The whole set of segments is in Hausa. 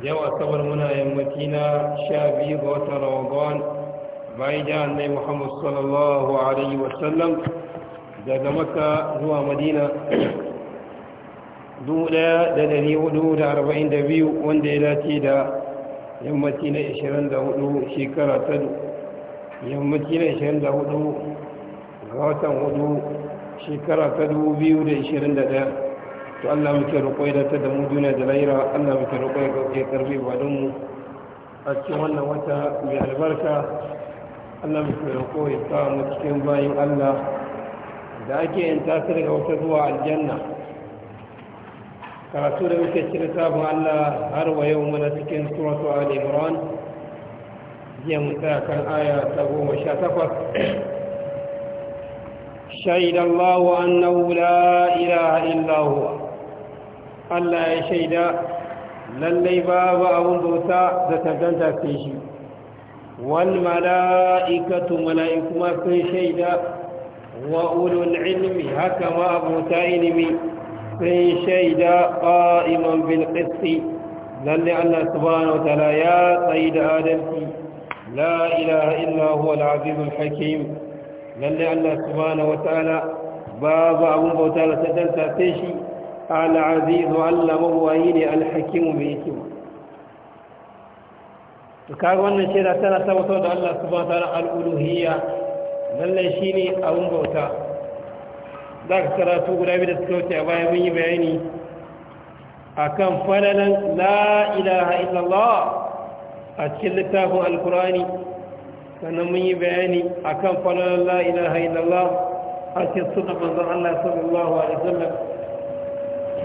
yau asabar muna yammaci na sha biyu ga watan ramadan bayan da annai muhammadu sallallahu alaihi wasallam daga maka zuwa madina 1442 wanda ya dace da yammaci na 24 shekara ta yammaci na 24 ga watan hudu shekara ta 2021 to Allah muke roƙo ya ta da mu duniya da laira Allah muke roƙo ya karbe ibadun mu a cikin wannan wata mai albarka Allah muke roƙo ya sa mu cikin bayin Allah da ake yin tasir ga wata zuwa aljanna karatu da muke cire sabon Allah har wa yau muna cikin suratu Ali Imran jiya mu tsaya kan aya ta goma sha takwas شهد الله أنه لا إله إلا هو Allah ya shaida lallai babu abin bauta da tantanta sai shi wal mala'ikatu mala'iku ma sun shaida wa ulul ilmi haka ma abota ilimi sun shaida qa'iman bil qisti lallai Allah subhanahu ya tsayi da adalci la ilaha illa huwa al-azizul hakim lallai Allah subhanahu wataala babu abin bauta da tantanta sai shi al'azizu Allah mabuwayi ne alhakimu mai hikima to kaga wannan shaida tana tabbatar da Allah subhanahu wa ta'ala al-uluhiyya lallai ne abun bauta za ka karatu guda biyu da suka wuce a baya mun yi bayani A kan fadalan la ilaha illallah a cikin littafin alkurani sannan mun yi bayani A kan fadalan la ilaha illallah a cikin sunan manzon Allah sallallahu alaihi wasallam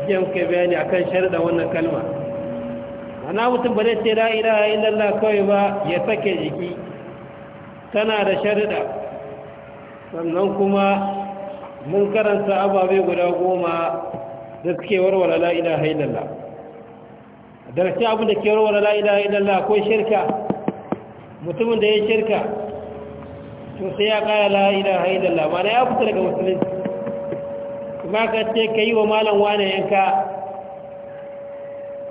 jiya muke bayani akan sharaɗa wannan kalma ana mutum ba ce la ilaha illallah kawai ba ya sake jiki tana da sharaɗa sannan kuma mun karanta ababe guda goma da suke warware la ilaha illallah daga cikin da ke warware la ilaha illallah akwai shirka mutumin da ya shirka to sai ya kaya la ilaha illallah ma na ya fita daga musulunci ba ka ce ka yi wa malam wane yanka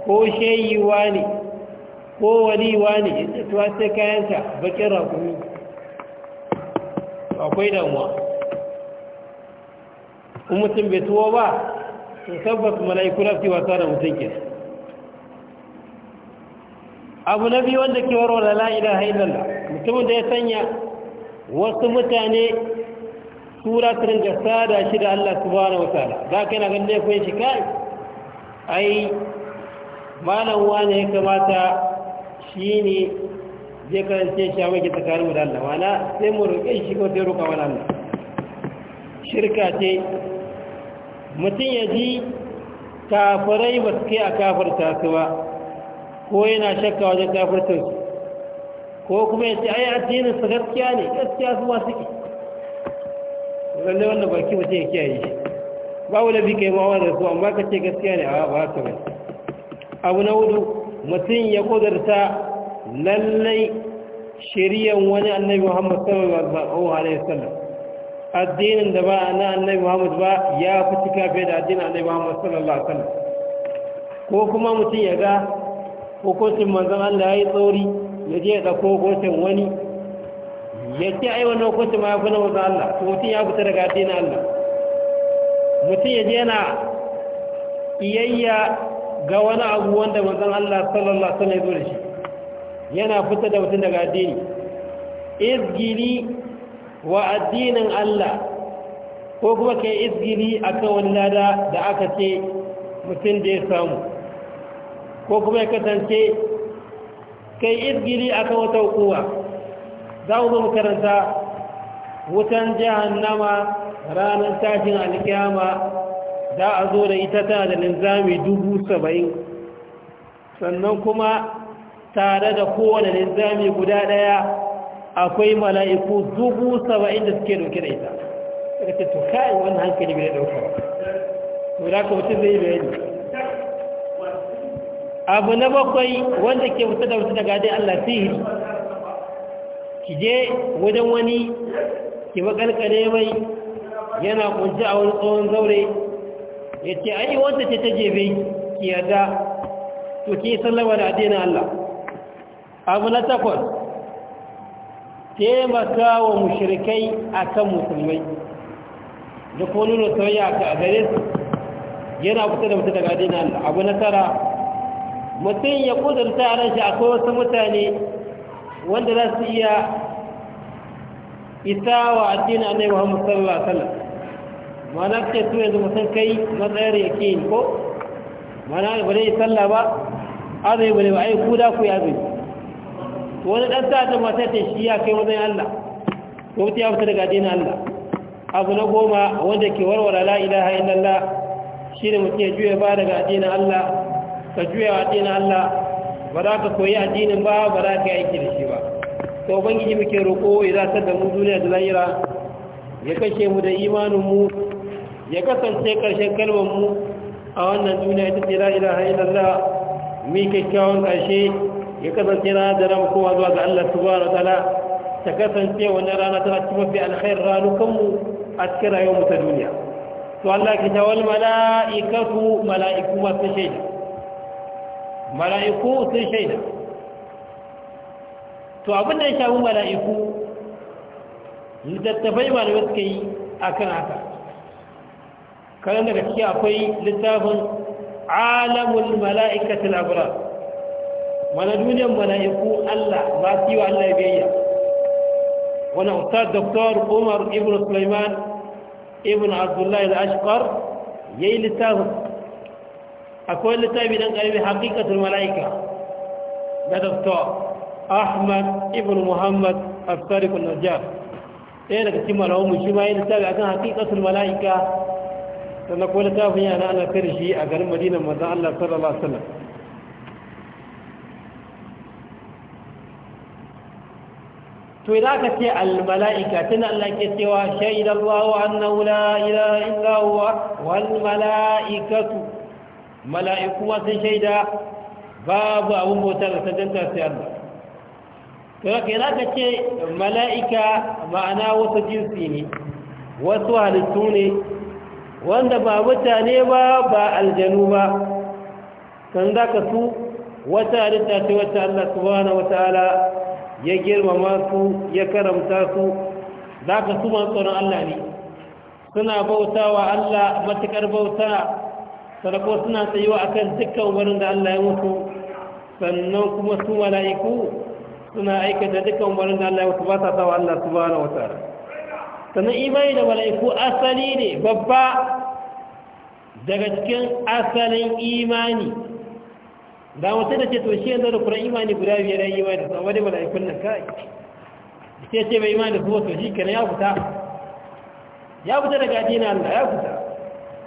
ko shayi wane ko wani wane tuwa sai kayanta bakin rakumi akwai damuwa in mutum bai tuwo ba su tabbas mala'iku fi wasa da mutum ke abu na biyu wanda ke warware la'ida haidalla mutumin da ya sanya wasu mutane tura su rinka sada shi da Allah subhanahu wa ta'ala za ka yana ganin laifin shi kai ai malam wani ya kamata shi ne zai karance shi a maki tsakaninmu da Allah wana sai mu roƙe shi ko sai roƙa wani Allah shirka ce mutum ya ji kafirai ba su kai a kafarta su ba ko yana shakka wajen kafartarsu ko kuma ya ce ai addinin su gaskiya ne gaskiya su ma ke. lallai wannan baki mutum ya kiyaye shi ba wani bi kai mawa da su amma ka ce gaskiya ne a ba ta mai abu na hudu mutum ya kudurta lallai shiriyan wani annabi muhammad sallallahu alaihi wasallam addinin da ba na annabi muhammad ba ya fi cika fiye da addinin annabi muhammad sallallahu alaihi wasallam ko kuma mutum ya ga hukuncin manzon Allah ya yi tsori ya je ya ɗauko hukuncin wani ya ce ai wannan hukunci ma ya fi na wanzu Allah to mutum ya fita daga addinin Allah mutum ya je yana iyayya ga wani abu wanda manzon Allah sallallahu alaihi ya zo da shi yana fita da mutum daga addini Izgiri wa addinin Allah ko kuma izgiri a akan wani lada da aka ce mutum da ya samu ko kuma ya kasance ka izgiri a akan wata hukuma za mu zo wutan jahannama ranar tashin alkiyama za a zo da ita tana da linzami dubu saba'in sannan kuma tare da kowane linzami guda ɗaya akwai mala'iku dubu saba'in da suke dauke da ita daga tattu kayan wannan hankali bai dauka ba da ka mutum zai bayani abu na bakwai wanda ke fita da wasu daga dai allah sihiri ki je wajen wani ki makalkale mai yana kunci a wani tsohon zaure ya ce ai wanda ce ta jebe ki yarda to ki sallama da adina Allah abu na takwas taimaka wa a akan musulmai da kuma nuna soyayya a gare su yana kusa da mutu daga adina Allah abu na tara mutum ya kudurta a ranshi akwai wasu mutane wanda za su iya isa wa addini nai muhammad sallallahu alaihi wasallam mana ce su yanzu musan kai matsayar yake yin ko mana ba dai salla ba azai bane ba ai ku da ku ya zai wani dan sa ta mata ta shi ya kai wajen Allah ko ta ya fita daga addinin Allah abu na goma wanda ke warware la ilaha illallah shine mutum ya juya ba daga addinin Allah ka juya wa addinin Allah ba za ka koyi addinin ba ba za ka yi aiki da shi ba to ubangiji muke roƙo ya zatar da mu duniya da lahira ya kashe mu da imanin mu ya kasance ƙarshen kalmar mu a wannan duniya ita ce ila ilaha illallah mi kyakkyawan ƙarshe ya kasance na da ran kowa zuwa ga Allah bara wataala ta kasance wani rana ta cikin mafi alkhair ranukan mu a cikin rayuwar mu ta duniya to Allah ki wal mala'ikatu mala'iku masu shaida mala'iku sun shaida to abin da ya shafi mala'iku littattafai malamai suka yi a kan haka kanan daga ciki akwai littafin alamul mala'ikatul abrar mana duniyar mala'iku allah ba su yi wa allah biyayya wani ustaz doktor umar ibn sulaiman ibn abdullahi al-ashqar ya yi littafin akwai littafi dan karbi haqiqatul malaika da dr ahmad ibn muhammad as-sadiq an-najjar ɗaya daga cikin malamu shi ma yi littafi akan haqiqatul malaika sannan ko littafin yana ana kare shi a garin madinan manzon Allah sallallahu alaihi wasallam to idan aka ce almala'ika tun Allah ke cewa shaidar Allah annahu la ilaha illa huwa wal mala'ikatu mala'ikuwa sun shaida babu abin bautar da sadanta sai Allah to yake za ka ce mala'ika ma'ana wasu jinsi ne wasu halittu ne wanda ba mutane ba ba aljanu ba kan za ka su wata halitta ce wata Allah subhanahu Ala ya girmama su ya karamta su za ka su tsoron Allah ne suna bauta wa Allah matuƙar bauta sarko suna a akan dukkan wurin da Allah ya mutu sannan kuma su mala'iku suna aikata dukkan wurin da Allah ya mutu ba ta sawa Allah ba na wata. sannan imani da mala'iku asali ne babba daga cikin asalin imani da wata da ce toshe yanzu da kuran imani guda biyar ya yi imani da tsawon mala'ikun nan kai sai ce bai imani da su wato shi kenan ya fita ya fita daga addinin Allah ya fita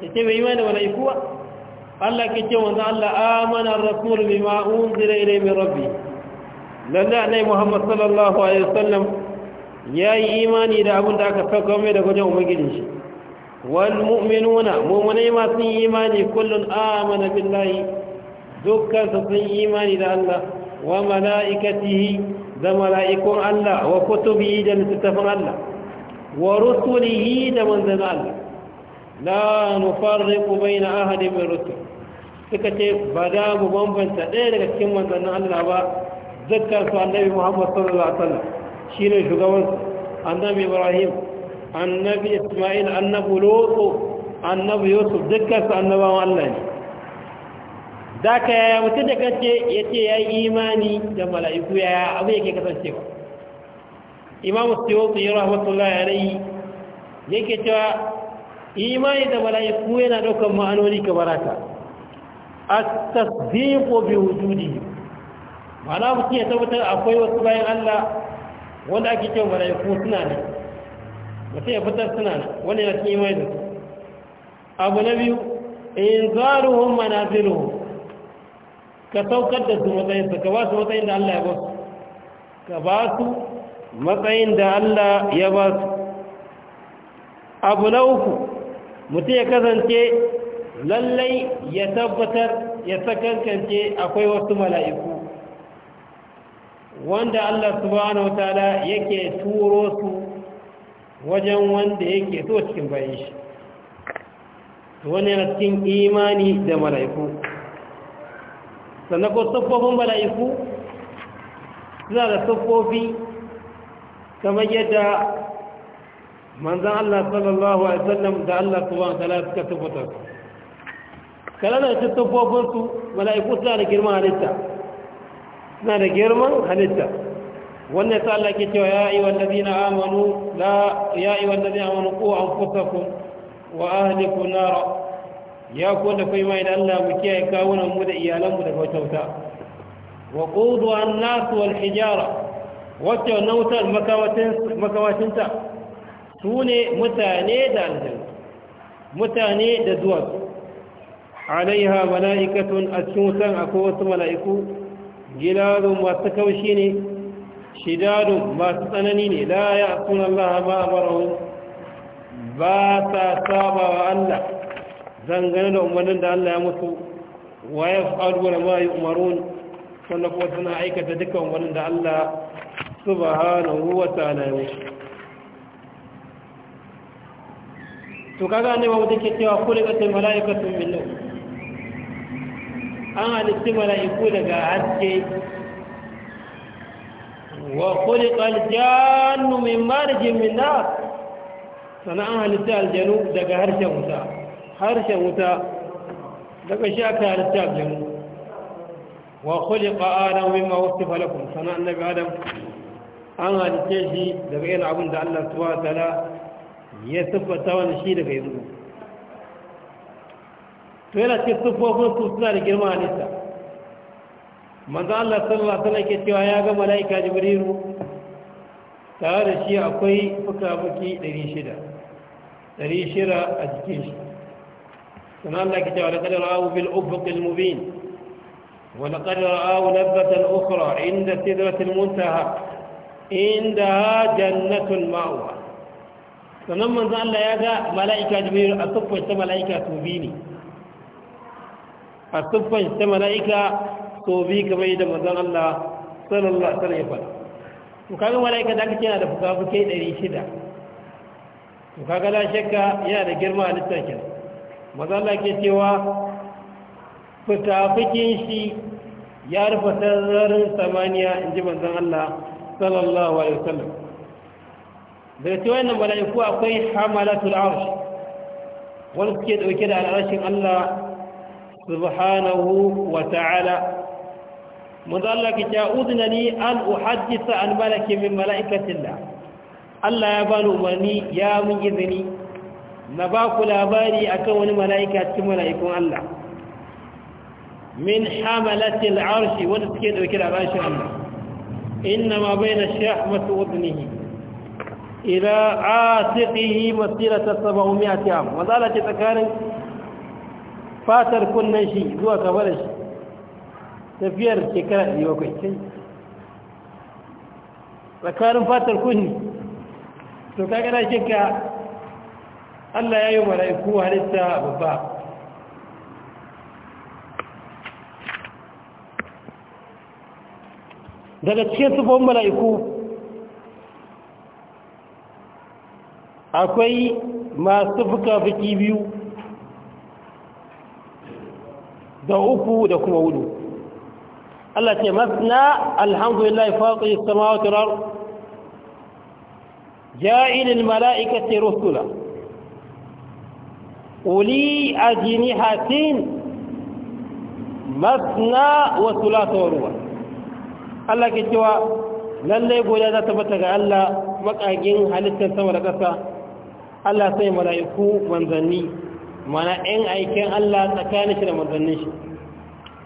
ya ce bai imani da mala'iku Allah ke ce wanzu Allah amana rasul bima unzila ilayhi min rabbi lalle annabi Muhammad sallallahu alaihi wasallam yayi imani da abin da aka saka mai daga wajen ubangijin shi wal mu'minuna mu'minai ma sun yi imani kullun amana billahi dukkan su sun yi imani da Allah wa mala'ikatihi da mala'ikun Allah wa kutubihi da littattafan Allah wa rusulihi da manzon Allah la nufarriqu baina ahadin min rusul suka ce ba da mu bambanta ɗaya daga cikin manzannin Allah ba zakkar su annabi Muhammad sallallahu alaihi wasallam shine shugaban annabi Ibrahim annabi Isma'il annabi Lutu annabi Yusuf zakkar su annabawan Allah ne da ka yaya mutum da kace ya ce ya yi imani da mala'iku yaya abu yake kasancewa imamu siyotu ya rahmatullahi alaihi yake cewa imani da mala'iku yana ɗaukar ma'anoni kamar haka at-tasdiqu bi wujudihi mana mutum ya tabbatar akwai wasu bayan Allah wanda ake cewa mala'iku suna ne mutum ya fitar suna ne wanda ya cikin imani da su abu na biyu in zaruhun manazilu ka saukar da su matsayin su ka ba su matsayin da Allah ya ba su ka ba su matsayin da Allah ya ba su abu na uku mutum ya kasance lallai ya tabbatar ya sakankance akwai wasu mala'iku wanda Allah subhanahu wa ta'ala yake turo su wajen wanda yake so cikin bayan shi wani yana cikin imani da mala'iku sannan ko siffofin mala'iku suna da siffofi kamar yadda manzan Allah sallallahu Alaihi wasallam da Allah subhanahu wa ta'ala suka tabbatar kala da tattafofin su mala'iku suna da girman halitta suna da girman halitta wannan ta Allah ke cewa ya yi wallazina amanu la ya yi wallazina amanu ku anfusakum wa ahlikum nara ya ku da kai mai da Allah mu kiyaye kawunan mu da iyalan mu daga wata wuta wa qudu an-nas wal hijara wata nautar makawatin makawatinta su ne mutane da aljanu mutane da duwatsu alaiha mala'ikatun a cikin wutan akwai wasu mala'iku gilarun masu kaushi ne shidarun masu tsanani ne la ya asuna Allah ma amarahu ba sa saba wa Allah zangane da umarnin da Allah ya mutu wa ya faru da ma yi umarun sannan kuma suna aikata dukkan umarnin da Allah subhanahu wa ta'ala ya mutu to kaga annabi wanda ke cewa kulikatul malaikatu min nur an halitti mala'iku daga haske wa kulika aljannu min marjin min nar sana an halitta aljanu daga harshen wuta harshen wuta daga shi aka halittu aljanu wa kulika adam min ma wasifa lakum sana annabi adam an halitta shi daga irin abin da Allah subhanahu wa ta'ala ya siffata wani shi daga yanzu to yana ce siffofin su suna da girma nisa manzo Allah sallallahu alaihi wasallam ke cewa ya ga malaika jibrilu tare da shi akwai fuka-fuki 600 600 a jikin shi sannan Allah ke cewa laqad ra'ahu bil ufuqil mubin wa laqad ra'ahu nazatan ukhra inda sidratil muntaha indaha jannatul ma'wa sannan manzo Allah ya ga mala'ika jibril a tuffan ta mala'ika to bi ne a tuffan ta mala'ika to bi kamar yadda manzo Allah sallallahu alaihi wasallam to kaga mala'ika da kake yana da fukafukai 600 to kaga la shakka yana da girma a littakin manzo Allah ke cewa fukafukin shi ya rufe sararin samaniya in ji manzon Allah sallallahu alaihi sallam. daga ce wannan mala'iku akwai hamalatul arsh wani suke dauke da al'arshin Allah subhanahu wa ta'ala mun Allah ki ta udna ni an uhaddisa an malaki min mala'ikatillah Allah ya bani umarni ya mun izini na ba ku labari akan wani mala'ika cikin mala'ikun Allah min hamalatil arshi wanda suke dauke da al'arshin Allah inna ma bayna shahmatu udnihi ila asiqihi masirata 700 am wazala ce tsakanin fatar kunnan shi zuwa kabarin shi tafiyar shekara 700 tsakanin fatar kunni to kaga na shekka Allah ya yi mala'iku halitta babba daga cikin sufon mala'iku akwai masu fuka-fuki biyu da uku da kuma hudu Allah ce masna alhamdulillah faƙi samawati rar ja'ilil mala'ikati rusula uli ajnihatin masna wa thulatha wa ruba Allah ke cewa lalle goda za ta bata ga Allah makagin halittar sama da ƙasa Allah sai mala'iku manzanni mana ɗan aikin Allah tsakanin shi da manzannin shi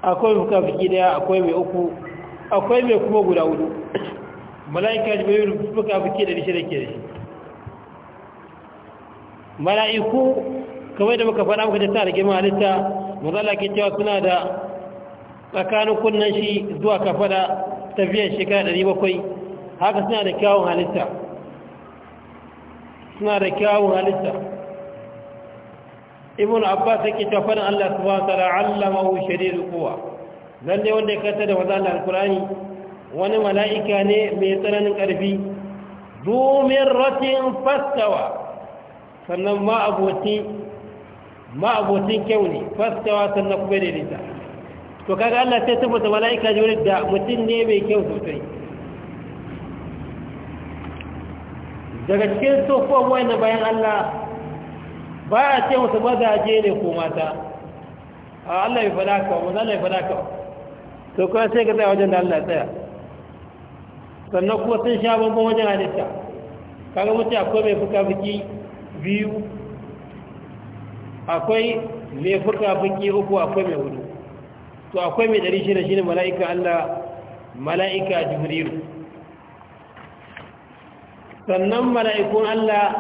akwai fuka fiki daya akwai mai uku akwai mai kuma guda hudu mala'ika bayan fuka fiki da shi da ke da shi mala'iku kamar da muka faɗa muka ta tsara girma halitta mazala ke cewa suna da tsakanin kunnen shi zuwa kafada tafiyar shekara 700 haka suna da kyawun halitta suna da kyawun halitta ibn abbas yake ta faɗin allah subhanahu wa shari allamahu shadidul quwa lalle wanda ya kanta da wazan alkurani wani mala'ika ne mai tsananin ƙarfi domin ratin fastawa sannan ma'abotin kyau ne fastawa sannan kuma da daidaita to kaga allah sai tabbata mala'ika jibril da mutum ne mai kyau sosai daga cikin sofon wani bayan Allah ba a ce musu je ne ko mata a Allah ya fada ka wani Allah ya fada ka to kuma sai ka tsaye wajen da Allah tsaya sannan kuma sun sha bambam wajen halitta kaga mutu akwai mai fuka fuki biyu akwai mai fuka fuki uku akwai mai hudu to akwai mai ɗari shida shi ne mala'ika Allah mala'ika jibrilu sannan mala'ikun Allah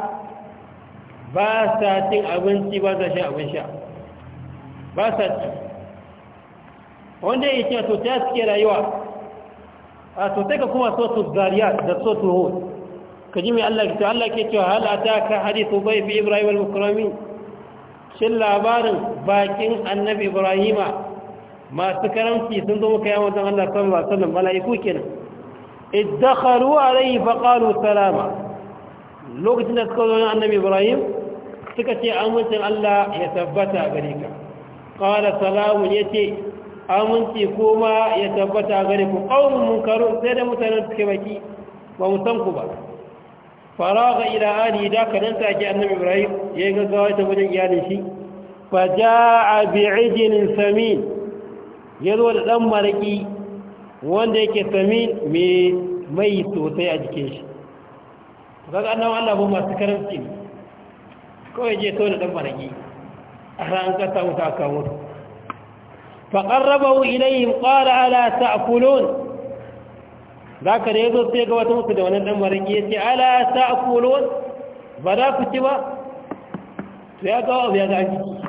ba sa cin abinci ba sa shan abin sha ba sa ci wanda ya ce to ta suke rayuwa a to ka kuma so su zariya da so su hud ka ji mai Allah ta Allah ke cewa hal ataka hadithu bai fi Ibrahim al-Mukarrami shin labarin bakin annabi Ibrahima masu karamci sun zo muka yawon don Allah sallallahu alaihi wasallam mala'iku kenan iddakhalu alayhi faqalu salama lokacin da suka zo ne annabi ibrahim suka ce amincin Allah ya tabbata gare ka qala salamun yace aminci kuma ya tabbata gare ku qaumun munkarun sai da mutanen suke baki ba mu san ku ba faraga ila ali da kadan take annabi ibrahim ya ga gawa ta wajen iyalin shi fa jaa bi'ijin samin yazo da dan maraki wanda yake sami mai mai sosai a jikin shi ga annabawan Allah ba masu karamci ne kawai je so da dan baraki a ran ka wuta kawo fa ilayhim ƙara ala ta'kulun za da rezo sai ga wata musu da wannan dan ya ce ala ta'kulun ba za ku ci ba to ya ga abu ya ga jiki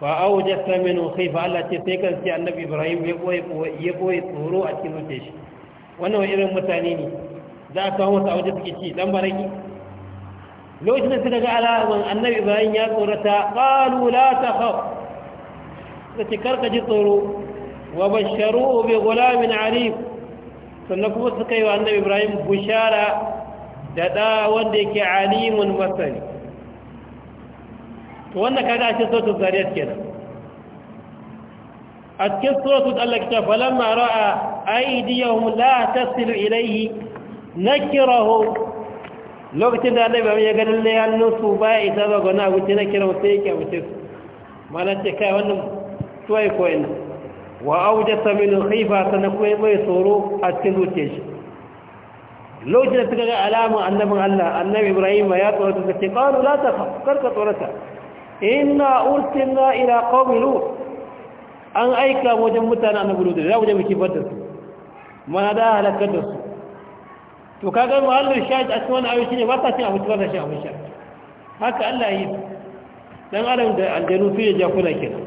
fa awjasa minhu khayfa Allah ce sai kan sai annabi Ibrahim ya koyi ya tsoro a cikin zuciyar shi wannan wani irin mutane ne za a kawo masa auje suke ci dan baraki lokacin da suka ga alaman annabi Ibrahim ya tsorata qalu la takhaf sai karka ji tsoro wa basharuhu bi ghulamin arif sannan kuma suka yi wa annabi Ibrahim bushara da da wanda yake alimun masani to wannan kaga a cikin sautin zariyar kenan a cikin sautin Allah kita falamma ra'a aydiyahum la tasilu ilayhi nakirahu lokacin da Allah ya ga lalle hannunsu ba ya isa ba gona wuce na kira sai yake wuce su malan ce kai wannan tuwai koyin wa aujata min khifa sana kuma mai tsoro a cikin zuciyar shi lokacin da suka ga alamun annabin Allah annabi Ibrahim ya tsoro da ce qalu la takhaf karka tsorata inna ursilna ila qaumi lut an aika wajen mutanen na gudu da wajen miki fata su mana da halakar da su to kaga muhallin shahid a cikin wannan ayoyi shine ba sa cin abinci ba sa shan abin haka Allah yi dan adam da aljanu su ya jakuna kenan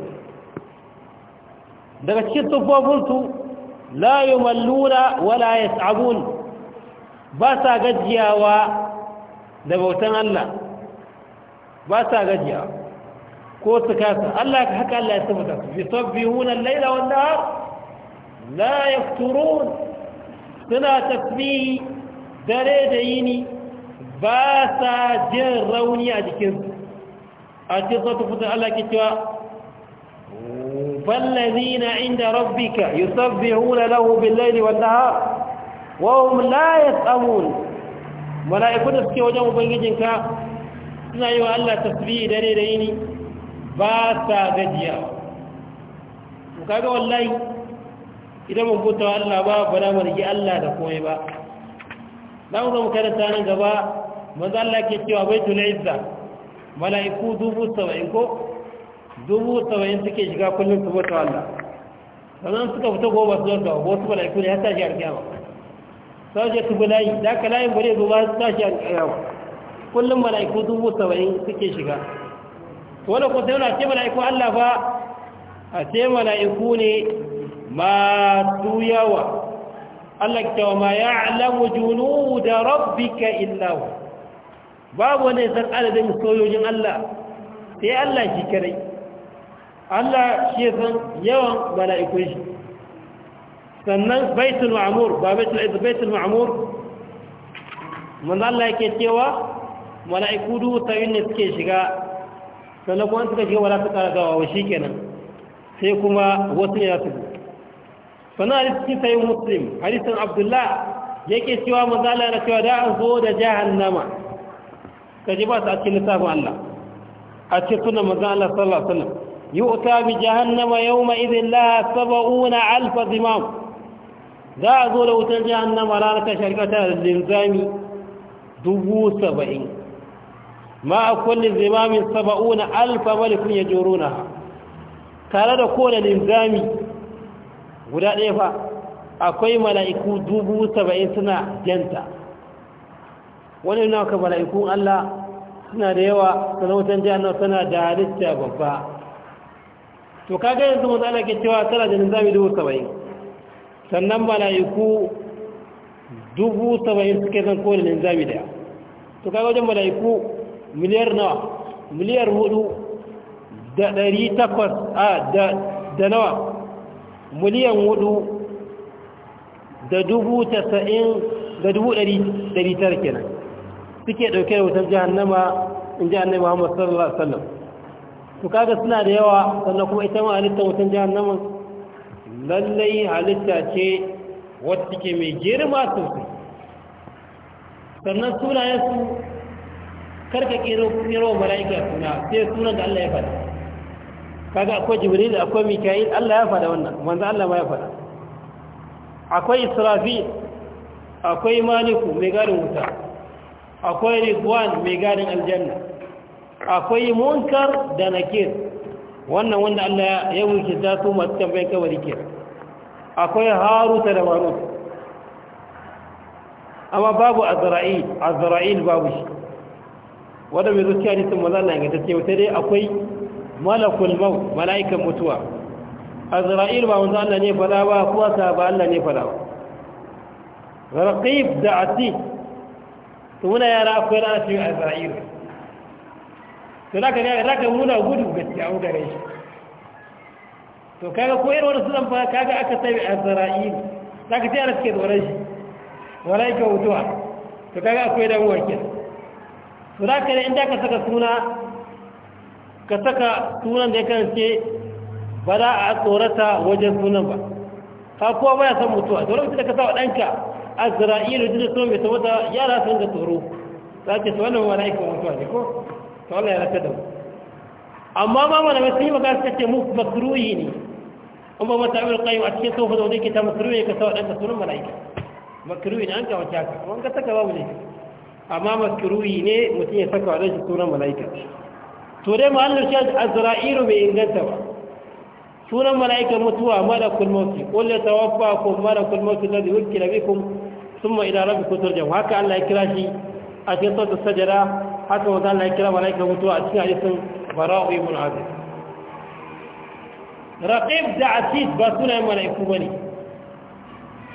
daga cikin tufofin su la yumalluna wala yas'abun ba sa gajiyawa da bautan Allah ba sa gajiyawa ko su kasa Allah haka Allah ya saboda su yusabbihuna al-laila wan nahar la yafturun suna tasbihi dare da yini ba sa jin rauni a jikinsu a cikin sautu fitar Allah ke cewa فالذين عند ربك يسبحون له بالليل والنهار وهم لا يسأمون ملائكون اسكي وجههم بنجنك سنعيو ألا تسبيه دريريني ba sa gajiya to kaga wallahi idan mun bauta wa Allah ba ba mu marigi Allah da komai ba za mu zama da nan gaba manzo Allah ke cewa baitul izza mala'iku dubu saba'in ko dubu saba'in suke shiga kullum su bauta wa Allah sannan suka fita goma su zanga wasu mala'iku ne ya tashi alkiyama sai je su bulayi da kalayin layin bare zuwa su tashi alkiyama kullum mala'iku dubu saba'in suke shiga wani kuma sai wani ce mala'iku Allah ba? a ce mala'iku ne masu yawa Allah ta wa ma ya alamu junu da rabbika illawa babu wani san adadin sojojin Allah sai Allah shi kare Allah shi san yawan mala'ikun shi sannan baitul ma'amur ba baitul ma'amur mun Allah yake cewa mala'iku duhu yi ne suke shiga sannan kuma suka shiga wala su ƙara gawa wa shi kenan sai kuma wasu ya su sannan cikin sayin muslim hadisun abdullah yake cewa mazala na cewa da an zo da jahannama ka ji ba su a cikin lissafin allah a cikin suna mazala sallallahu alaihi yi uta bi jahannama yau ma izin la una alfa zimam za a zo da wutar jahannama ranar ta shari'a ta da linzami dubu saba'in ma a kullum zimamin saba'una alfa malikun ya na tare da kowane linzami guda ɗaya fa akwai mala'iku dubu saba'in suna janta wani na ka mala'ikun Allah suna da yawa jihar nan suna da halitta babba to kaga yanzu matsala ke cewa tana da linzami dubu saba'in sannan mala'iku dubu saba'in suke zan kowane linzami daya to kaga wajen mala'iku miliyar nawa miliyar hudu da ɗari takwas a da nawa miliyan hudu da dubu tasa'in da dubu dari dari tara kenan suke dauke da wutar jihannama in ji annai muhammad sallallahu alaihi wasallam kaga suna da yawa sannan kuma ita ma halittar wutar jihannama lallai halitta ce wata take mai girma sosai sannan sunayensu karka kero kero mala'ika suna sai sunan da Allah ya faɗa kaga akwai jibril akwai mika'il Allah ya faɗa wannan manzo Allah ma ya faɗa akwai israfil akwai maliku mai gadin wuta akwai ridwan mai gadin aljanna akwai munkar da nakir wannan wanda Allah ya wuce ta su masu tambayin kawai ke akwai haruta da maruta amma babu azra'il azra'il babu shi wanda mai zuciya ne sun maza na ta ce wata dai akwai malakul mau mala'ikan mutuwa azra'il ba wanzu Allah ne fada ba kuwa ba Allah ne fada ba raqib da ati to muna yara akwai rana ce azra'il to ka ga zaka muna gudu gaskiya mu gare shi to kaga koyarwar su zan fara kaga aka sai azra'il ka ce ana suke tsoron shi mala'ikan mutuwa to kaga akwai damuwa kenan to za ka inda ka saka suna ka saka sunan da ya karance ba za a tsorata wajen sunan ba ka kuwa baya san mutuwa da wani da ka sa waɗanka a zira'ilu jirgin sun mai tawata yara sun da tsoro za ka ce wannan wani aikin mutuwa ne ko ta wani ya rafe da mu amma ma mana mai yi magana suka ce mu makaruyi ne in ba mata abin kayyum a cikin sofa da wani ke ta makaruyi ne ka sa waɗanka sunan mala'ika Makaruyi ne an kawo wata haka wani ka saka babu ne amma maskaruyi ne mutum ya saka wadon shi sunan mala'ika to dai ma'allar shi azra'ilu mai inganta ba sunan mala'ika mutuwa mara kulmauti kulle tawaffa ko mara kulmoki na da wukila kun sun ma idan rabbi kutur jam haka allah ya kira shi a cikin sautar sajada haka wata allah ya kira mala'ika mutuwa a cikin hadisin bara'u ibn azim raqib da asid ba sunayen mala'iku bane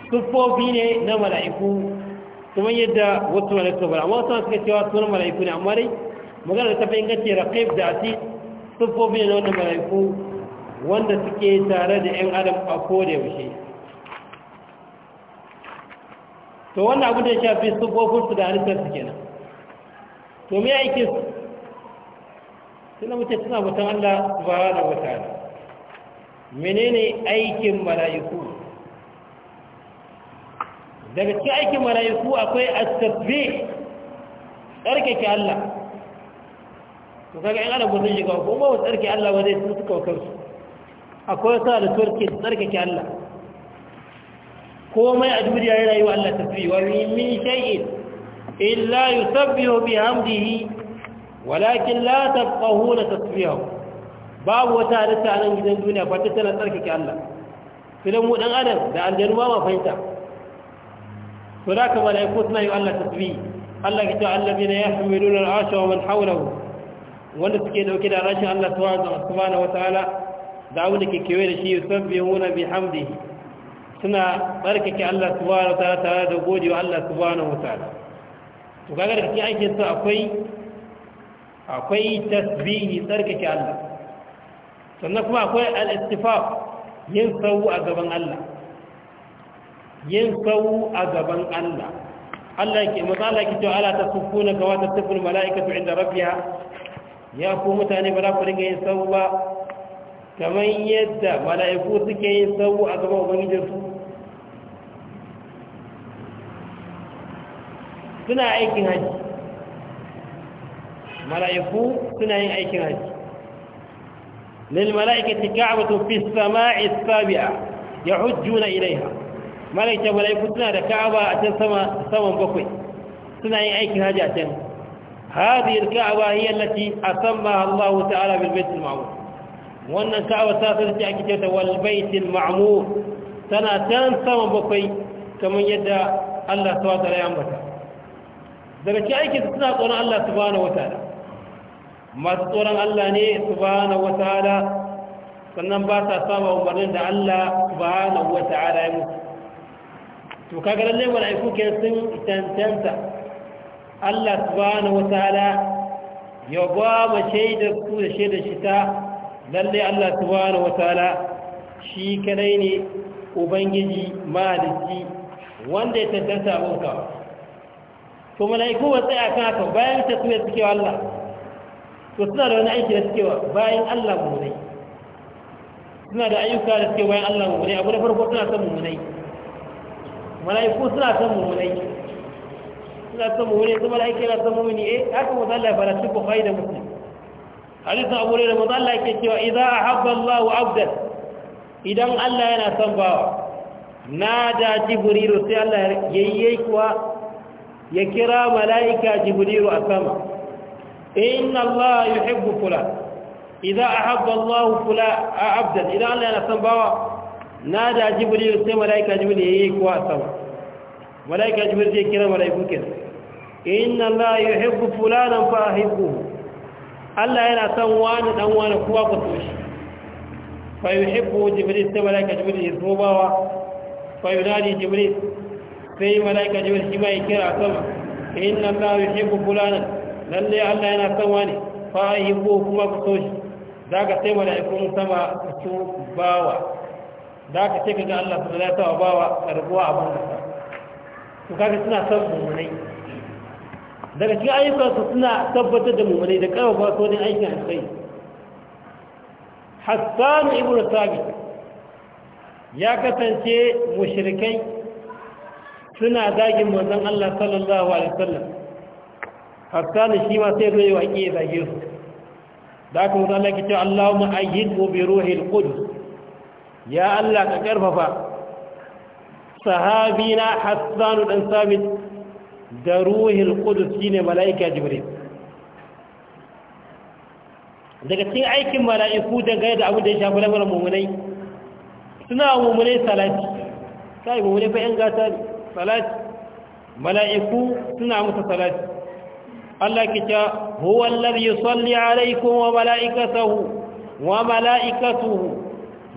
siffofi ne na mala'iku Kuma yadda wasu malaiku ba amma wasu suka cewa sunan malaiku ne amma dai magana da tafi inganci raqib da ati sufofi ne na wannan malaiku wanda suke tare da yan adam a koda yaushe to wannan abu da ya shafi sufofin su da halittar su kenan to me yake su suna mutum suna mutum Allah subhanahu wataala menene aikin malaiku daga cikin aikin mala'iku akwai at-tasbih tsarkake Allah to kaga in ana gudun shiga ko ba tsarki Allah ba zai suka kansu akwai wata da turki tsarkake Allah komai a duniya ya rayuwa Allah tasbih wa min shay'in illa yusabbihu bihamdihi walakin la tafqahuna tasbihahu babu wata halitta a nan gidan duniya ba ta tana tsarkake Allah filan mu dan adam da aljanu ba ma fahimta to da ka malaiku suna yi Allah tasbih Allah ya ce allazina yahmiluna al'arsha wa man hawlahu wanda suke dauke da rashin Allah subhanahu wa ta'ala da abu da ke kewaye da shi yusabbihuna bihamdihi suna barkake Allah subhanahu wa ta'ala tare da godewa Allah subhanahu wa ta'ala to kaga da Allah sannan kuma akwai al yin sawu a gaban Allah yin sau a gaban Allah Allah ke matsala ki to ala tasufuna ta tasuful malaikatu inda rabbiha ya ku mutane ba za ku ringa yin sau ba kamar yadda mala'iku suke yin sau a gaban su suna aikin haji mala'iku suna yin aikin haji lil mala'ikati ka'batun fi sama'i sabi'a yahujjuna ilaiha malaika malaiku suna da ka'aba a can saman bakwai suna yin aikin hajji a can hadhihi al-ka'aba a san asammaha Allah ta'ala bil bayt al wannan ka'aba ta sarki ake cewa wal bayt al-ma'mur tana can saman bakwai kamar yadda Allah ta wata ta'ala ya daga cikin aikin suna tsoron Allah subhanahu wa ta'ala masu tsoron Allah ne subhanahu wa ta'ala sannan ba ta samun umarnin da Allah subhanahu wa ta'ala ya mutu to kaga lallai mala'iku ke sun tantanta Allah subhanahu wataala ya gwaba shaidar su da shaidar shi ta lallai Allah subhanahu wataala shi kadai ne ubangiji maliki wanda ya tantanta abunka to mala'iku ba tsaya kan haka bayan tasmiyar suke wa Allah to suna da wani aiki da suke wa bayan Allah mu ne suna da ayyuka da suke bayan Allah mu ne abu da farko suna son mu ne mala'iku suna son mummunai suna son mummunai su mala'ika yana son mummuni eh haka mu zalla ya fara cikin fa'i da mutum hadisin abu da mu ke cewa a ahabba Allahu abdan idan Allah yana son bawa da jibrilu sai Allah yayye kuwa ya kira mala'ika jibrilu a sama inna Allah yuhibbu a idza ahabba Allahu fulan abdan idan Allah yana son bawa na da jibril sai malaika jibril ya yi kuwa sama malaika jibril zai kira malaiku kenan inna la yuhibbu fulanan fa ahibbuhu Allah yana son wani dan wani kuwa ku so shi fa yuhibbu jibril sai malaika jibril ya so bawa fa yunadi jibril sai malaika jibril shi mai kira sama inna la yuhibbu fulanan lalle Allah yana son wani fa ahibbuhu kuma ku so shi ka sai malaikun sama su bawa da aka ce kaga Allah su ya tawa bawa karbuwa a da sa Su kaga suna son mummunai daga cikin ayyukansu suna tabbatar da mummunai da ba su wani aikin alkhairi Hassan ibn sabi ya kasance mushrikai suna zagin manzon Allah sallallahu alaihi wasallam Hassan shi ma sai zai yi waƙe zage su da aka wuce Allah cewa, ce Allahumma ayyidhu bi ruhil qudus ya Allah ka karfafa sahabina hassanu dan sabit da ruhul qudus shine malaika jibril daga cikin aikin mala'iku gaya da abin da ya shafi lamarin mummunai suna mummunai salati sai mummunai fa 'yan gata ne salati mala'iku suna musu salati Allah ke ta huwa lalari yusalli alaikum wa mala'ikatahu wa mala'ikatuhu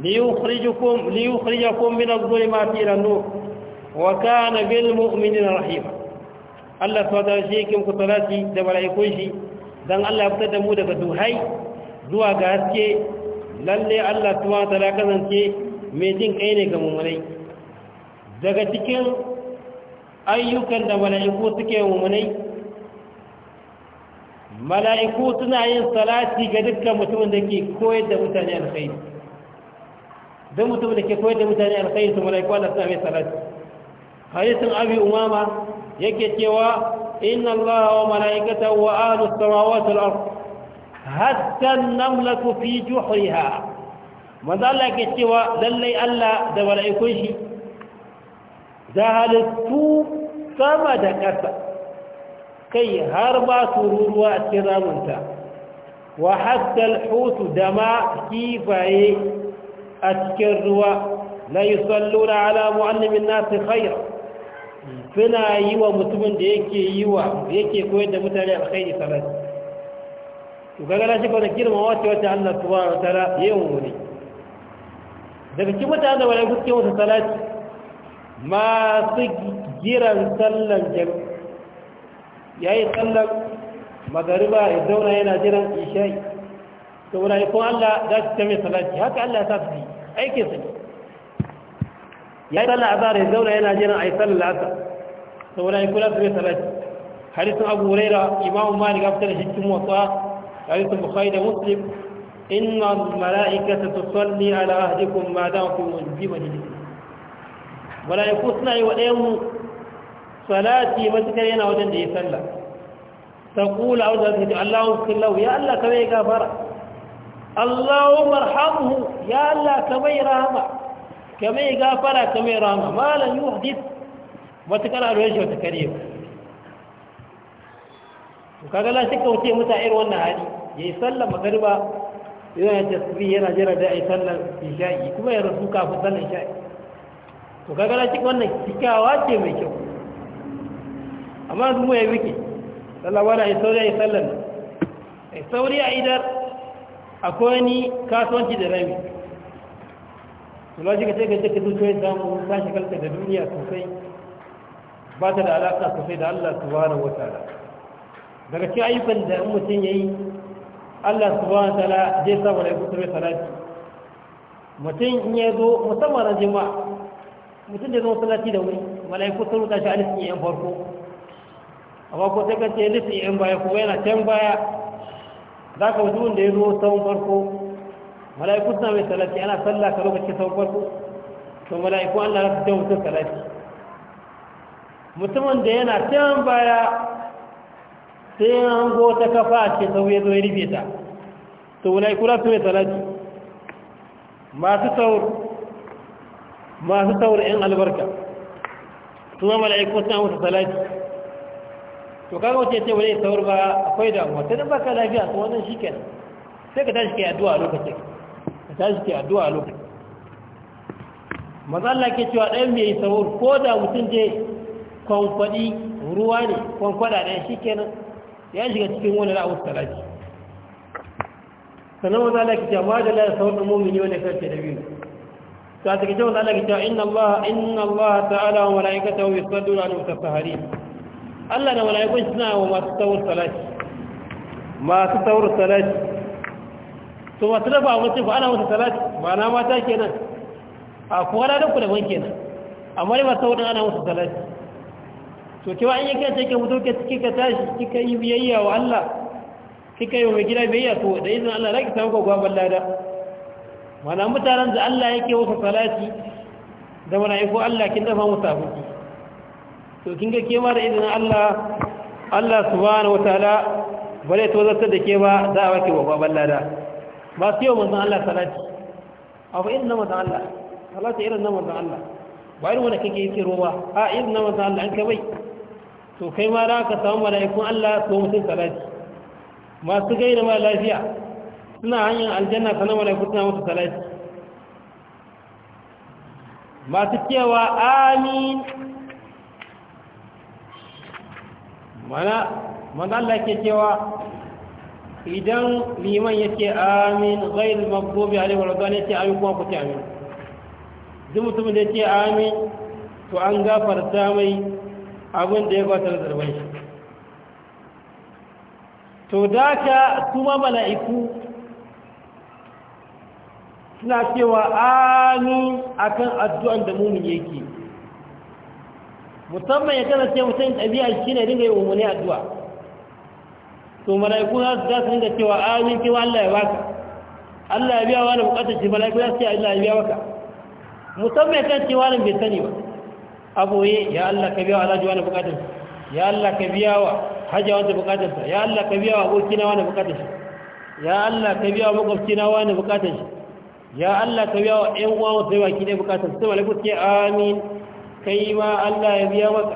ليخرجكم ليخرجكم من الظلمات Wa النور وكان بالمؤمنين rahima? Allah subhanahu wa shi yake muku salati da malaikun shi dan Allah ya fitar da mu daga duhai zuwa ga haske lalle Allah subhanahu wa kasance mai jin kai ne ga mummunai daga cikin ayyukan da malaiku suke mummunai malaiku suna yin salati ga dukkan mutumin da ke koyar da mutane alkhairi don mutum da ke koyar da mutane alkhairi su mala'iku Allah suna mai salati hadisin abi umama yake cewa inna Allah wa mala'ikatahu wa ahlus samawati wal ard hatta an fi juhriha manzo Allah yake cewa lallai Allah da mala'ikun shi da halittu sama da ƙasa kai har ba su ruruwa a cikin ramunta wa hatta al-hutu da ma kifaye a cikin ruwa la yusalluna alamu annabin nasi khayar suna yi wa mutumin da yake yi wa yake koyar da mutane a kai to kaga na shi ba da girma wata wata Allah subhanahu ya yayin wuri daga cikin mutane da wani kuskin wasu salati masu giran sallan jami'a yi sallan magariba ya zauna yana jiran isha'i to kuma Allah za su ta mai salati haka Allah ya sa su yi aikin su ya yi sallah azhar ya zauna yana jiran ayi sallah asar to mala'ikun za su mai salati hadisin Abu Imam Malik ya fitar da shi cikin wasa hadisin Bukhari da Muslim إن الملائكة تصلي suna yi ما دامتم في مجلسكم yana wajen da ya متكرين وجن دي صلى تقول أعوذ بك اللهم اغفر له يا الله كما يغفر Allahumma arhamhu ya Allah ka mai rahama ka mai gafara rahama malan yuhdith shi wata kare ba wannan hali yayi sallar magriba yana tasbih yana jira da ai sallar isha'i kuma ya rasu kafin sallar isha'i to kaga la wannan kikawa ce mai kyau amma zuwa ya wiki sallar wala ai sauri ai sallar ai sauri a idar akwai ni kasuwanci da rami to laji ka sai ka zuciya ya samu ta shigarta da duniya sosai ba ta da alaƙa sosai da allah subhanahu wata da daga cikin ayyukan da mutum ya yi allah subhanahu wa ta'ala zai sa wani abu sai salati mutum ya zo musamman na jima mutum da zo salati da wuri mala'iku sun ruta shi alisun listin yan farko amma ko sai kan ce yan baya kuma yana can baya za ka mutumin da ya zo tsawon farko mala'iku suna mai salati ana sallah ka lokacin tsawon farko to mala'iku allah za su ta mutum salati mutumin da yana can baya sai an hango ta kafa ce sau ya zo ya rufe ta to mala'iku za su mai salati masu saur masu taur 'yan albarka suna mala'iku suna mutu salati to kaga wace ce wani saur ba akwai damuwa ta ba ka lafiya to wannan shi kenan sai ka tashi ke addu'a lokacin ka tashi ke addu'a a lokacin maza Allah ke cewa me mai saur ko da mutum je kwankwaɗi ruwa ne kwankwaɗa ɗaya shi kenan ya shiga cikin wani ra'awar talaji sannan mazalla Allah ke cewa ma da saurin sauran ne wanda karfe da biyu ta take cewa Allah ke cewa inna Allah inna Allah ta'ala wa malaikatahu yusalluna 'alal mutahharin Allah da mala'ikun suna wa masu tsawar salati masu tsawar salati to masu dafa abinci ba ana masa salati ba na mata kenan a kuwa na dukku daban kenan amma ne masu tsawar ana masa salati to cewa an yi kyan sai ke fito kika tashi kika yi biyayya wa Allah kika yi wa mai gida biyayya to da izinin Allah za ki samu gwagwaban lada mana mutanen da Allah yake wasu salati da mana iko Allah kin dafa musu abinci to kin ga kema da idan Allah Allah subhanahu wataala bare to zata da ke ba za a wake babban lada ba su yau manzon Allah salati abu irin ma manzon Allah salati irin nan manzon Allah ba irin wanda kake yi ruwa a irin ma manzon Allah an ka bai to kai ma da ka samu mala'ikun Allah su mutum salati masu gaida mara lafiya suna hanyar aljanna sanar mala'iku suna mutu salati masu cewa amin mana Allah ke cewa idan liman ya ce amin ghairul maghdubi alaihi wasallam ya ce amin kuma ku ce amin duk mutumin da ya ce amin to an gafarta mai abin da ya gwata da zarban shi to da ka kuma mala'iku suna cewa amin akan addu'an da mumin yake musamman ya kana ce mutum ɗabi'a shi ne dinga yi umarni addu'a to mala'iku za su gasa dinga cewa amin kewa Allah ya baka Allah ya biya wani bukatar shi mala'iku za su ce Allah ya biya baka musamman ya kana ce wani bai sani ba aboye ya Allah ka biya wa alhaji wani bukatar ya Allah ka biya wa hajja wani bukatar ya Allah ka biya wa abokina wani bukatar shi ya Allah ka biya wa na wani bukatar shi ya Allah ka biya wa ƴan uwa wasu yawa ki ne bukatar sai mala'iku ce amin kai ma Allah ya biya maka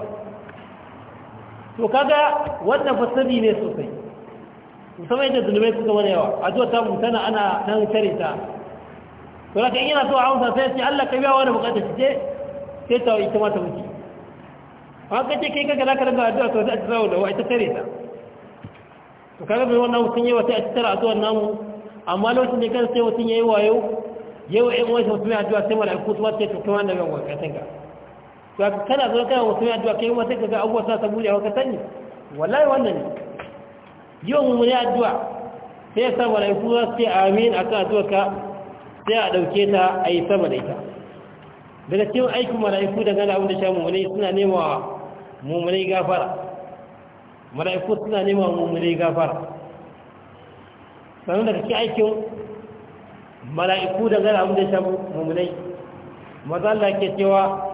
to kaga wannan fasali ne sosai musamman yadda zulmai suka mana yawa a zuwa ta mutana ana nan tare ta to da kan yana so a amsa sai ce Allah ka biya wani bukata shi ce sai ta ita ma ta wuce haka ce kai kaga zaka ranga addu'a to sai ta tsaro da wai ita tare ta to kaga bai wannan mutun yayi sai a tsara addu'a namu amma lokacin da kan sai mutun yayi wayo yau ɗan uwan shi mutum ya addu'a sai mala'iku su wata ce to kuma annabi ya wanka tanga kana zo kana wasu ya addu'a kai kuma sai kaga abuwa sa ta buɗe wa ka sani wallahi wannan yawan mun ne addu'a sai sa malaiku za su ce amin akan addu'a ka sai a dauke ta a yi sama da ita daga cikin aikin malaiku da gana abin da sha mummunai suna nema wa mummunai gafara malaiku suna nema wa mummunai gafara sannan daga cikin aikin mala'iku da gara abin da sha mummunai maza Allah ke cewa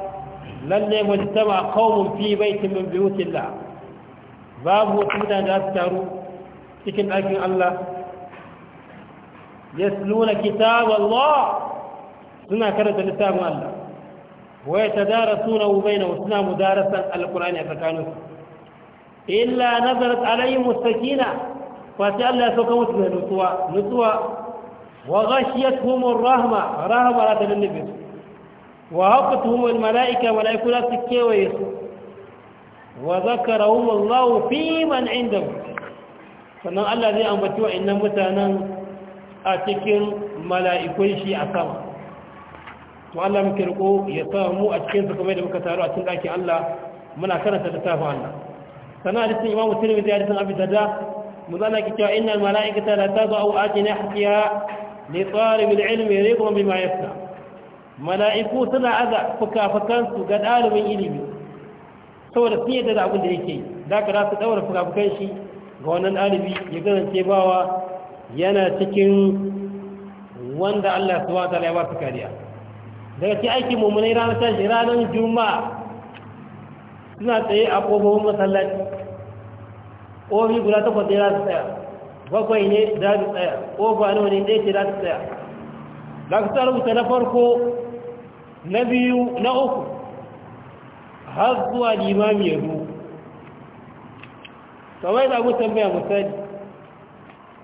lalle mujtama qaumun fi baitin min buyutillah babu wata mutane da su taru cikin ɗakin Allah yasluna kitab Allah suna karanta littafin Allah wa yatadarasuna bainahum suna mudarasan alqur'ani a tsakaninsu illa nazarat alaihim sakina fati Allah ya sauka musu da nutsuwa wa ghashiyatuhum ar-rahma rahma la tanbisu wa haƙutuhumul mala'ika mala'iku za su kewaye su wa zakarahumullahu fi man inda sannan Allah zai ambaci wa inan mutanen a cikin mala'ikun shi a sama to Allah mu riko ya samu a cikin su kamar da muka taru a cikin ɗakin Allah muna karanta da littafin Allah sannan hadisin imamu tirmidhi hadisin abi dada muzana ki cewa innal mala'ikata la tadau ajnihatiha li talib al-ilmi riqman bima yasna mala'iku suna aza su ga ɗalibin ilimi saboda sun yi da abin da yake yi da ka za su fuka fukafukan shi ga wannan ɗalibi ya kasance bawa yana cikin wanda Allah su wata ya ba su kariya daga ce aikin mummunai ranar tashi ranar juma'a suna tsaye a ƙofofin masallaci ƙofi guda takwas ne za su tsaya bakwai ne za su tsaya ƙofa nawa ne ɗaya ce za su tsaya da ku na farko na biyu na uku har zuwa limami ya zo kawai da mu tambaya misali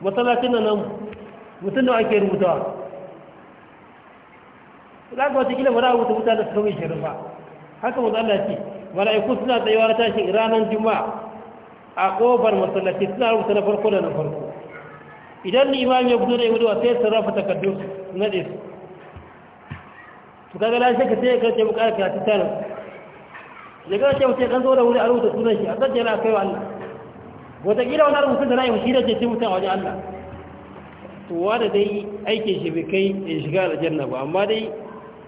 matsalacin na nan mutum da ake rubutawa za ka watakila ba za a ta mutane su kawai shirin ba haka mu Allah ce mala'iku suna tsayuwa na tashi ranar juma'a a kofar masallaci suna rubuta na farko da na farko idan limami ya gudu da ya gudu sai su rafa takardu na naɗe to kaga la shakka sai ka ce mu ƙara karatu tarin ya ga ce mutum kan zo da wuri a rubuta sunan shi a zance yana kai wa Allah wataƙila wani rubutun da na yi shi da ce mutum a wajen Allah to da dai aikin shi bai kai ya shiga aljanna ba amma dai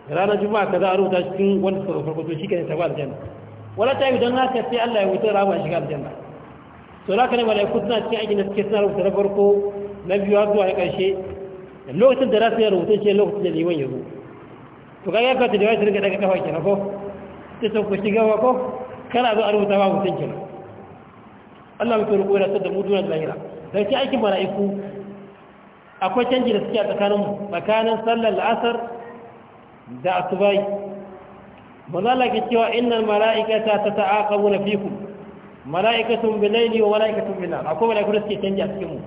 ranar juma'a ka za a rubuta cikin wanda suka farko to shi ka ne tafi aljanna wala ta yi don haka sai Allah ya wuce rama shiga aljanna to za ka ne mala'iku suna cikin aikin da suke suna rubuta na farko na biyu har zuwa ya ƙarshe lokacin da za su yi shi lokacin da liman ya zo to kaga ka ta jawai rinka daga kafa kenan ko ta so ku shiga wa ko kana zo a rubuta ba mutum kenan Allah mutum ruku yana sadda mutunan zahira da ce aikin mala'iku akwai canji da suke a tsakanin tsakanin sallar la'asar da asubai mazala ke cewa innan mala'ikata ta ta'aqabu na fikum mala'ikatun bilaili wa mala'ikatun bilal akwai mala'iku da suke canji a cikin mu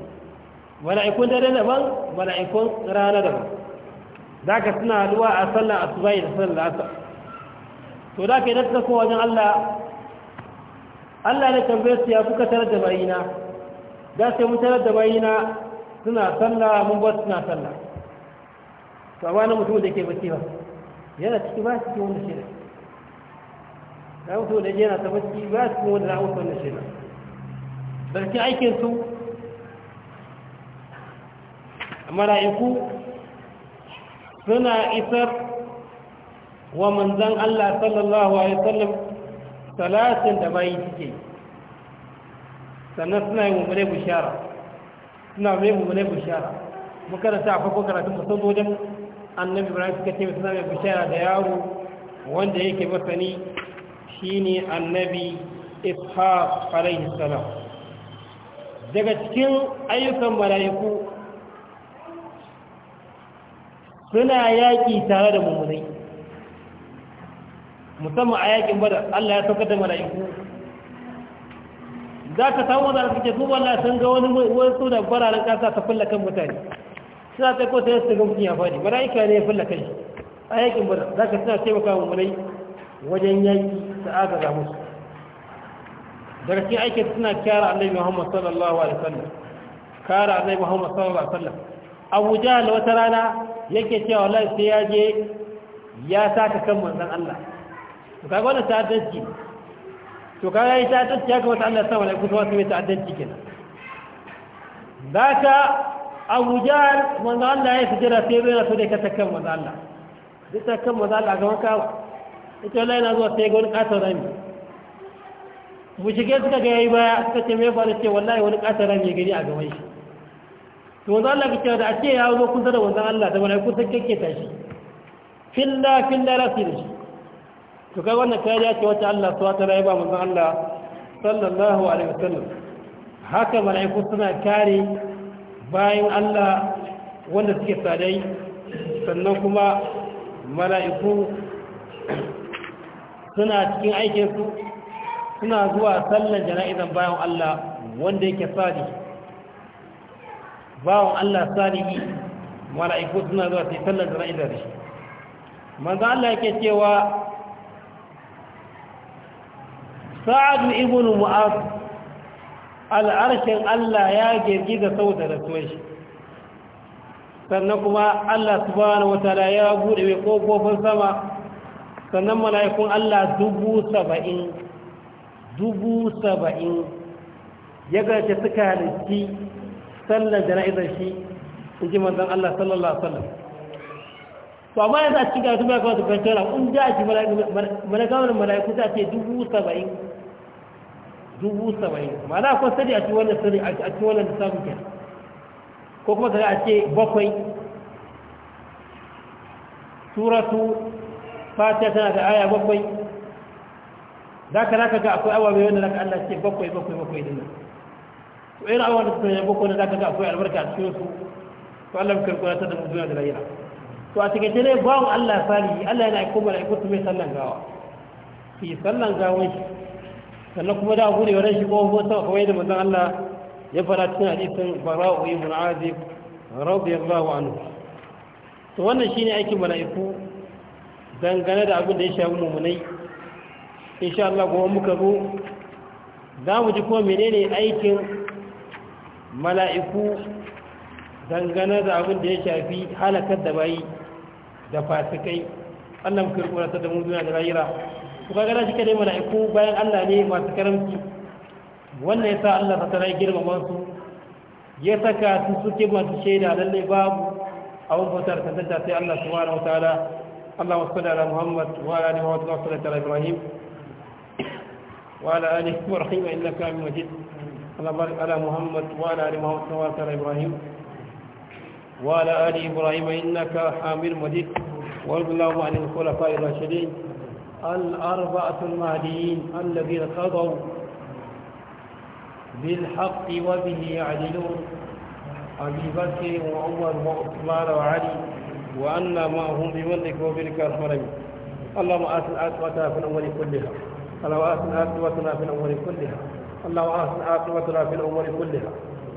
mala'ikun dare daban mala'ikun rana daban za ka suna haduwa a sallar asubahi da sallar asar to da ka yi datta kowa wajen allah allah ne tambayar su ya kuka tarar da bayina da su mun mutarar da bayina suna sallah mun ba suna sallah to a wani mutum da ke bacci ba yana ciki ba cikin wani shida da mutum da yana ta bacci ba cikin wani na'usa wani shida barci aikinsu mara'iku suna isar wa manzan Allah sallallahu Alaihi wasallam talatin da bayi suke sannan suna yi mummune bishara suna mai mummune bishara da a farko karatun musamman wajen annabi ibrahim suka ce suna mai bishara da yaro wanda yake masani shine annabi ishaq alaihi salam daga cikin ayyukan mala'iku suna yaƙi tare da mummunai musamman a yaƙin bada Allah ya saukar da mala'iku za ka samu wadda suke tuba wallah sun ga wani wasu da bararen ƙasa ta fulla kan mutane suna ta kota yasu ga mutum ya faɗi mala'ika ne ya fulla kai a yaƙin bada za ka suna taimaka mummunai wajen yaƙi ta agaza musu daga cikin aikin suna kyara annabi muhammad sallallahu alaihi wasallam kara annabi muhammad sallallahu alaihi wasallam abuja wata rana yake cewa wallahi sai ya je ya saka kan manzon Allah to kaga wannan ta'addanci to kaga yi ta'addanci ya kamata Allah sai sama kuma wasu mai ta'addanci kenan zaka Abu Jahl manzon Allah ya sujira sai ya so da ka takkan manzon Allah duk takkan manzon Allah ga wanka ita wallahi yana zuwa sai ga wani kasar rami mu shige suka ga yayi baya suka ce me ba ne ce wallahi wani kasar rami ya gani a gaban shi to wanzan Allah bikiya da a ce ya zo kusa da wanzan Allah da wani kusa kake tashi filla filla rafi da shi to kai wannan kariya ce wacce Allah suwa ta rayu ba Allah sallallahu alaihi wasallam haka mala'iku suna kare bayan Allah wanda suke sadai sannan kuma mala'iku suna cikin aikinsu suna zuwa sallan jana'izan bayan Allah wanda yake sadi bawon Allah salihi mala'iku suna zuwa sai sallar jana'iza da shi manzan Allah yake cewa sa'ad ibn mu'az al'arshen Allah ya sau da rasuwar shi sannan kuma Allah subhanahu wataala ya buɗe mai ƙofofin sama sannan mala'ikun Allah dubu saba'in dubu saba'in ya gace suka halitti sallar jana'izar shi in ji manzan Allah sallallahu alaihi ba to yanzu a cikin karatu mai kawai tufan tara kun ji a shi malakawar malakun ta ce dubu saba'in dubu saba'in ma'ana akwai sani a cikin wannan sani a cikin wannan lissafin kenan ko kuma kaga a ce bakwai suratu fata tana da aya bakwai za ka za ka ga akwai awa mai wanda Allah ce bakwai bakwai bakwai dinnan to irin abubuwan da suka yi boko ne za ka ga akwai albarka a cikin su to Allah ya karɓi ta da mu duniya da lahira to a cikin dai bawo Allah fari Allah yana aiko mala'iku su mai sallan gawa fi sallan gawa. shi sannan kuma da gure wa rashi ko ko ta kawai da manzon Allah ya fara cikin hadisin bara'u ibn azib radiyallahu anhu to wannan shine aikin mala'iku dangane da abin da ya shafi mummunai insha Allah gobe muka zo za mu ji kuma menene aikin mala'iku dangane da abin da ya shafi halakar da bayi da fasikai allah ta da duniya da rayira da shi mala'iku bayan allah ne masu karamci wannan ya sa allah ta girmama su ya saka su suke masu shaida lallai babu abin bautar sai allah wa اللهم بارك على محمد وعلى ال محمد كما على ابراهيم وعلى ال ابراهيم انك حميد مجيد وارض اللهم عن الخلفاء الراشدين الاربعه المهديين الذين قضوا بالحق وبه يعدلون ابي بكر وعمر وعثمان وعلي وأنا معهم بمنك أرحم الحرم اللهم آت الآتوة في الأمور كلها اللهم آت الآتوة في الأمور كلها اللهم أحسن عاقبتنا في الأمور كلها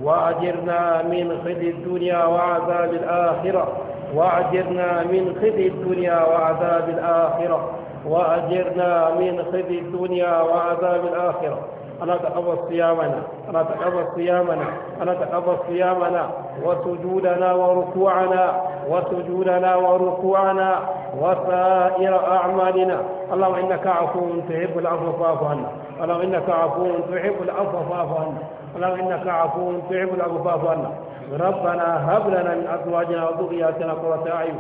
وأجرنا من خزي الدنيا وعذاب الآخرة وأجرنا من خزي الدنيا وعذاب الآخرة وأجرنا من خزي الدنيا وعذاب الآخرة أنا تقبل صيامنا أنا تقبل صيامنا أنا تقبل صيامنا وسجودنا وركوعنا وسجودنا وركوعنا وسائر أعمالنا اللهم إنك عفو تحب العفو فاعف عنا اللهم إنك عفو تحب العفو فاعف عنا اللهم إنك عفو تحب العفو فاعف عنا ربنا هب لنا من أزواجنا وذرياتنا قرة أعين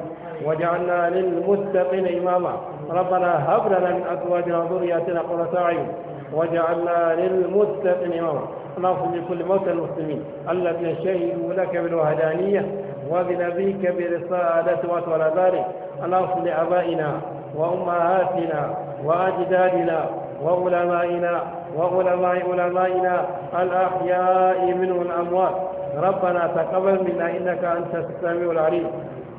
واجعلنا للمتقين إماما ربنا هب لنا من أزواجنا وذرياتنا قرة أعين واجعلنا للمتقين إماما اللهم لكل موتى المسلمين الذين شهدوا لك بالوحدانية وبنبيك برسالة وتولى ذلك اللهم لآبائنا وأمهاتنا وأجدادنا وعلمائنا وعلماء علمائنا الأحياء منه الأموات ربنا تقبل منا إنك أنت السميع العليم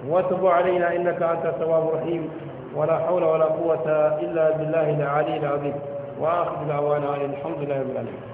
وتب علينا إنك أنت التواب الرحيم ولا حول ولا قوة إلا بالله العلي العظيم وآخر الأوان الحمد لله رب العالمين